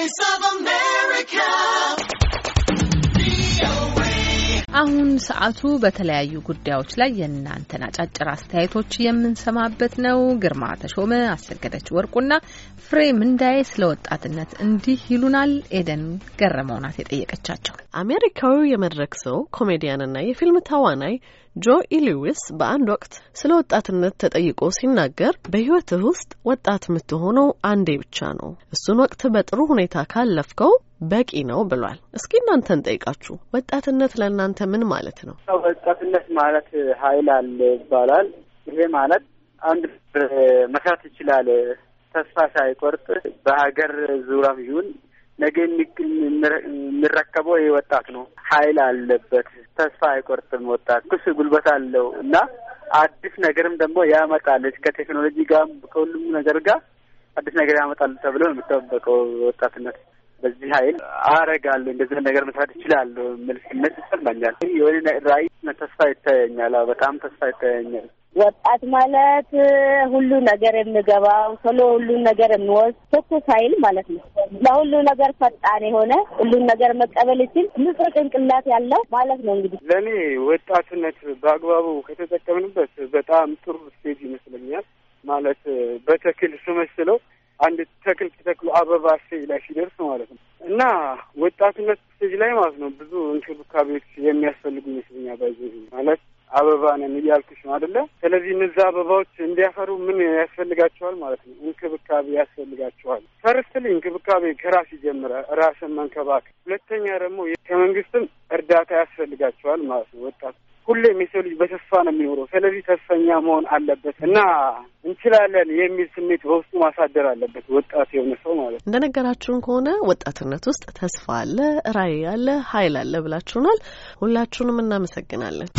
Voice of America. አሁን ሰዓቱ በተለያዩ ጉዳዮች ላይ የእናንተን አጫጭር አስተያየቶች የምንሰማበት ነው። ግርማ ተሾመ፣ አሰገደች ወርቁና ፍሬ እንዳይ ስለ ወጣትነት እንዲህ ይሉናል። ኤደን ገረመው ናት የጠየቀቻቸው። አሜሪካዊው የመድረክ ሰው ኮሜዲያንና የፊልም ተዋናይ ጆ ኢሊዊስ በአንድ ወቅት ስለ ወጣትነት ተጠይቆ ሲናገር በሕይወትህ ውስጥ ወጣት የምትሆነው አንዴ ብቻ ነው። እሱን ወቅት በጥሩ ሁኔታ ካለፍከው በቂ ነው ብሏል። እስኪ እናንተን ጠይቃችሁ ወጣትነት ለእናንተ ምን ማለት ነው? ወጣትነት ማለት ኃይል አለ ይባላል። ይሄ ማለት አንድ መስራት ይችላል ተስፋ ሳይቆርጥ በሀገር ዙሪያ ይሁን ነገ የሚረከበው ይህ ወጣት ነው። ኃይል አለበት፣ ተስፋ አይቆርጥም። ወጣት ክስ ጉልበት አለው እና አዲስ ነገርም ደግሞ ያመጣለች ከቴክኖሎጂ ጋር ከሁሉም ነገር ጋር አዲስ ነገር ያመጣል ተብሎ የሚጠበቀው ወጣትነት በዚህ ኃይል አረጋለሁ እንደዚህ ነገር መስራት ይችላለሁ የሚል ስሜት ይሰማኛል። የሆነ ራዕይ ተስፋ ይታየኛል። በጣም ተስፋ ይታየኛል። ወጣት ማለት ሁሉ ነገር የምገባው ቶሎ ሁሉን ነገር የሚወስድ ትኩስ ኃይል ማለት ነው። ለሁሉ ነገር ፈጣን የሆነ ሁሉን ነገር መቀበል ይችል ንጹህ ጭንቅላት ያለው ማለት ነው። እንግዲህ ለእኔ ወጣትነት በአግባቡ ከተጠቀምንበት በጣም ጥሩ ስቴጅ ይመስለኛል። ማለት በተክል ስመስለው አንድ ተክል ሲተክሉ አበባ ስቴጅ ላይ ሲደርስ ማለት ነው እና ወጣትነት ስቴጅ ላይ ማለት ነው ብዙ እንክብካቤዎች የሚያስፈልጉ ይመስለኛል። በዚ ማለት አበባ ነን እያልኩሽ ነው አደለ? ስለዚህ እነዛ አበባዎች እንዲያፈሩ ምን ያስፈልጋቸዋል ማለት ነው? እንክብካቤ ያስፈልጋቸዋል። ፈርስትሊ እንክብካቤ ከራስ ይጀምረ ራስን መንከባከብ። ሁለተኛ ደግሞ ከመንግስትም እርዳታ ያስፈልጋቸዋል ማለት ነው ወጣት ሁሌም የሰው ልጅ በተስፋ ነው የሚኖረው። ስለዚህ ተስፈኛ መሆን አለበት እና እንችላለን የሚል ስሜት በውስጡ ማሳደር አለበት ወጣት የሆነ ሰው ማለት ነው። እንደነገራችሁን ከሆነ ወጣትነት ውስጥ ተስፋ አለ፣ ራዕይ አለ፣ ኃይል አለ ብላችሁናል። ሁላችሁንም እናመሰግናለን።